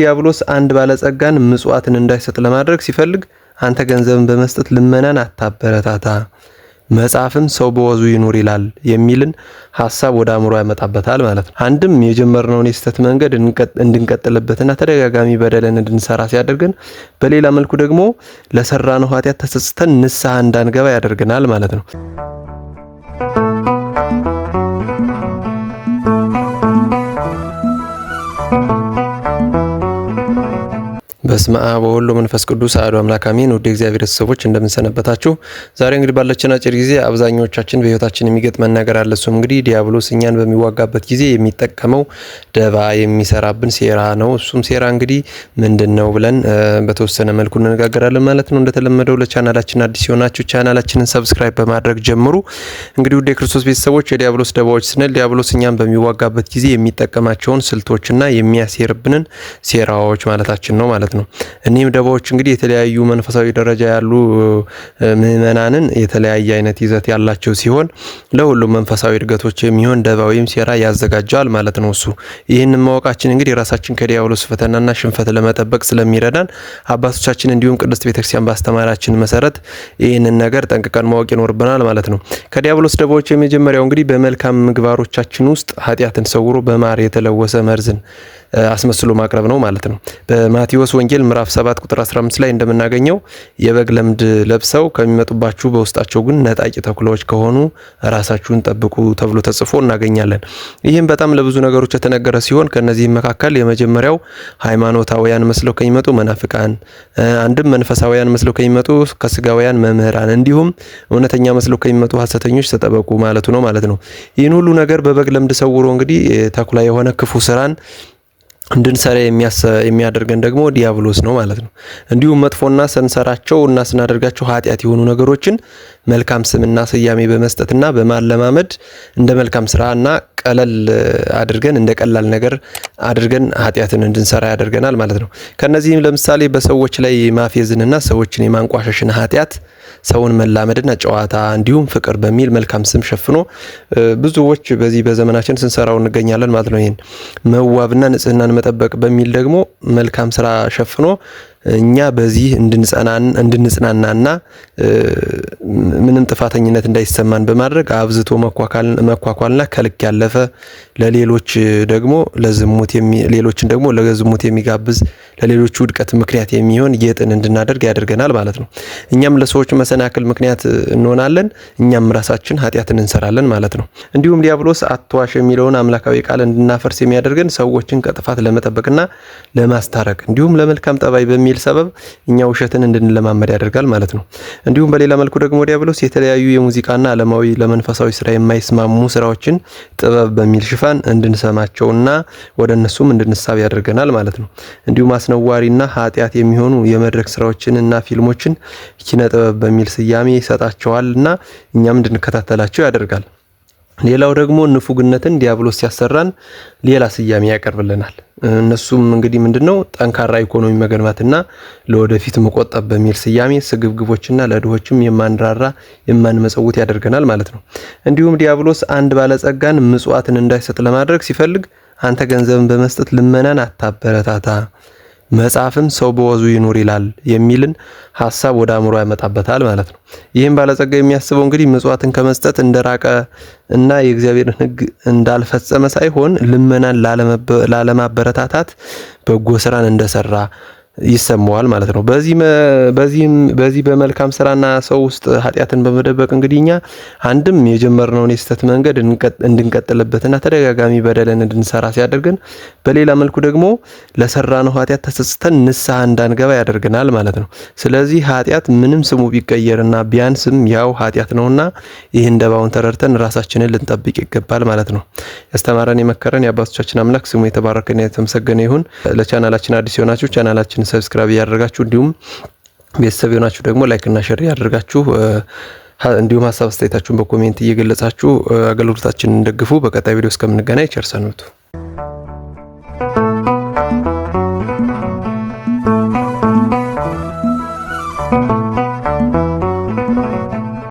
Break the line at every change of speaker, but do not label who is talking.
ዲያብሎስ አንድ ባለጸጋን ምጽዋትን እንዳይሰጥ ለማድረግ ሲፈልግ አንተ ገንዘብን በመስጠት ልመናን አታበረታታ፣ መጽሐፍም ሰው በወዙ ይኑር ይላል የሚልን ሀሳብ ወደ አእምሮ ያመጣበታል ማለት ነው። አንድም የጀመርነውን የስህተት መንገድ እንድንቀጥልበትና ተደጋጋሚ በደልን እንድንሰራ ሲያደርገን፣ በሌላ መልኩ ደግሞ ለሰራነው ኃጢአት ተጸጽተን ንስሐ እንዳንገባ ያደርገናል ማለት ነው። በስመ አብ ወወልድ ወመንፈስ ቅዱስ አሐዱ አምላክ አሜን። ውድ እግዚአብሔር ቤተሰቦች እንደምንሰነበታችሁ። ዛሬ እንግዲህ ባለችን አጭር ጊዜ አብዛኞቻችን በህይወታችን የሚገጥመን ነገር አለ። እሱም እንግዲህ ዲያብሎስ እኛን በሚዋጋበት ጊዜ የሚጠቀመው ደባ የሚሰራብን ሴራ ነው። እሱም ሴራ እንግዲህ ምንድን ነው ብለን በተወሰነ መልኩ እንነጋገራለን ማለት ነው። እንደተለመደው ለቻናላችን አዲስ የሆናችሁ ቻናላችንን ሰብስክራይብ በማድረግ ጀምሩ። እንግዲህ ውድ የክርስቶስ ቤተሰቦች የዲያብሎስ ደባዎች ስንል ዲያብሎስ እኛን በሚዋጋበት ጊዜ የሚጠቀማቸውን ስልቶችና የሚያሴርብንን ሴራዎች ማለታችን ነው ማለት ነው። ነው። እኒህም ደባዎች እንግዲህ የተለያዩ መንፈሳዊ ደረጃ ያሉ ምዕመናንን የተለያየ አይነት ይዘት ያላቸው ሲሆን ለሁሉም መንፈሳዊ እድገቶች የሚሆን ደባ ወይም ሴራ ያዘጋጀዋል ማለት ነው። እሱ ይህንን ማወቃችን እንግዲህ ራሳችን ከዲያብሎስ ፈተናና ሽንፈት ለመጠበቅ ስለሚረዳን አባቶቻችን እንዲሁም ቅድስት ቤተክርስቲያን ባስተማራችን መሰረት ይህንን ነገር ጠንቅቀን ማወቅ ይኖርብናል ማለት ነው። ከዲያብሎስ ደባዎች የመጀመሪያው እንግዲህ በመልካም ምግባሮቻችን ውስጥ ኃጢአትን ሰውሮ በማር የተለወሰ መርዝን አስመስሎ ማቅረብ ነው ማለት ነው። በማቴዎስ ወንጌል ምዕራፍ 7 ቁጥር 15 ላይ እንደምናገኘው የበግ ለምድ ለብሰው ከሚመጡባችሁ በውስጣቸው ግን ነጣቂ ተኩላዎች ከሆኑ ራሳችሁን ጠብቁ ተብሎ ተጽፎ እናገኛለን። ይህም በጣም ለብዙ ነገሮች የተነገረ ሲሆን ከነዚህም መካከል የመጀመሪያው ሃይማኖታውያን መስለው ከሚመጡ መናፍቃን፣ አንድም መንፈሳውያን መስለው ከሚመጡ ከስጋውያን መምህራን፣ እንዲሁም እውነተኛ መስለው ከሚመጡ ሀሰተኞች ተጠበቁ ማለቱ ነው ማለት ነው። ይህን ሁሉ ነገር በበግ ለምድ ሰውሮ እንግዲህ ተኩላ የሆነ ክፉ ስራን እንድንሰራ የሚያደርገን ደግሞ ዲያብሎስ ነው ማለት ነው። እንዲሁም መጥፎና ስንሰራቸው እና ስናደርጋቸው ኃጢአት የሆኑ ነገሮችን መልካም ስምና ስያሜ በመስጠትና በማለማመድ እንደ መልካም ስራና ቀለል አድርገን እንደ ቀላል ነገር አድርገን ኃጢአትን እንድንሰራ ያደርገናል ማለት ነው። ከነዚህም ለምሳሌ በሰዎች ላይ ማፌዝንና ሰዎችን የማንቋሸሽን ኃጢአት፣ ሰውን መላመድና ጨዋታ እንዲሁም ፍቅር በሚል መልካም ስም ሸፍኖ ብዙዎች በዚህ በዘመናችን ስንሰራው እንገኛለን ማለት ነው። ይህን መዋብና ንጽህናን መጠበቅ በሚል ደግሞ መልካም ስራ ሸፍኖ እኛ በዚህ እንድንጽናናና ምንም ጥፋተኝነት እንዳይሰማን በማድረግ አብዝቶ መኳኳልና ከልክ ያለፈ ለሌሎች ደግሞ ለዝሙት ሌሎችን ደግሞ ለዝሙት የሚጋብዝ ለሌሎች ውድቀት ምክንያት የሚሆን ጌጥን እንድናደርግ ያደርገናል ማለት ነው። እኛም ለሰዎች መሰናክል ምክንያት እንሆናለን፣ እኛም ራሳችን ኃጢአትን እንሰራለን ማለት ነው። እንዲሁም ዲያብሎስ አትዋሽ የሚለውን አምላካዊ ቃል እንድናፈርስ የሚያደርገን ሰዎችን ከጥፋት ለመጠበቅና ለማ ለማስታረቅ እንዲሁም ለመልካም ጠባይ በሚል ሰበብ እኛ ውሸትን እንድንለማመድ ያደርጋል ማለት ነው። እንዲሁም በሌላ መልኩ ደግሞ ዲያብሎስ የተለያዩ የሙዚቃና ዓለማዊ ለመንፈሳዊ ስራ የማይስማሙ ስራዎችን ጥበብ በሚል ሽፋን እንድንሰማቸውና ወደ እነሱም እንድንሳብ ያደርገናል ማለት ነው። እንዲሁም አስነዋሪና ኃጢአት የሚሆኑ የመድረክ ስራዎችን እና ፊልሞችን ኪነ ጥበብ በሚል ስያሜ ይሰጣቸዋል እና እኛም እንድንከታተላቸው ያደርጋል። ሌላው ደግሞ ንፉግነትን ዲያብሎስ ሲያሰራን ሌላ ስያሜ ያቀርብልናል። እነሱም እንግዲህ ምንድነው ጠንካራ ኢኮኖሚ መገንባትና ለወደፊት መቆጠብ በሚል ስያሜ ስግብግቦችና ለድሆችም የማንራራ የማንመጸውት ያደርገናል ማለት ነው። እንዲሁም ዲያብሎስ አንድ ባለጸጋን ምጽዋትን እንዳይሰጥ ለማድረግ ሲፈልግ አንተ ገንዘብን በመስጠት ልመናን አታበረታታ መጽሐፍም ሰው በወዙ ይኑር ይላል የሚልን ሀሳብ ወደ አእምሮ ያመጣበታል ማለት ነው። ይህም ባለጸጋ የሚያስበው እንግዲህ ምጽዋትን ከመስጠት እንደራቀ እና የእግዚአብሔርን ሕግ እንዳልፈጸመ ሳይሆን ልመናን ላለማበረታታት በጎ ስራን እንደሰራ ይሰማዋል ማለት ነው። በዚህ በመልካም ስራና ሰው ውስጥ ኃጢአትን በመደበቅ እንግዲህ እኛ አንድም የጀመርነውን የስህተት መንገድ እንድንቀጥልበትና ተደጋጋሚ በደልን እንድንሰራ ሲያደርገን፣ በሌላ መልኩ ደግሞ ለሰራነው ኃጢአት ተሰጽተን ንስሐ እንዳንገባ ያደርገናል ማለት ነው። ስለዚህ ኃጢአት ምንም ስሙ ቢቀየርና ቢያንስም ያው ኃጢአት ነውና ይህን ደባውን ተረድተን ራሳችንን ልንጠብቅ ይገባል ማለት ነው። ያስተማረን የመከረን የአባቶቻችን አምላክ ስሙ የተባረከና የተመሰገነ ይሁን። ለቻናላችን አዲስ የሆናችሁ ቻናላችን ሰብስክራይብ እያደረጋችሁ እንዲሁም ቤተሰብ የሆናችሁ ደግሞ ላይክና ሸር እያደረጋችሁ እንዲሁም ሀሳብ አስተያየታችሁን በኮሜንት እየገለጻችሁ አገልግሎታችንን እንደግፉ። በቀጣይ ቪዲዮ እስከምንገናኝ ቸር ሰንብቱ።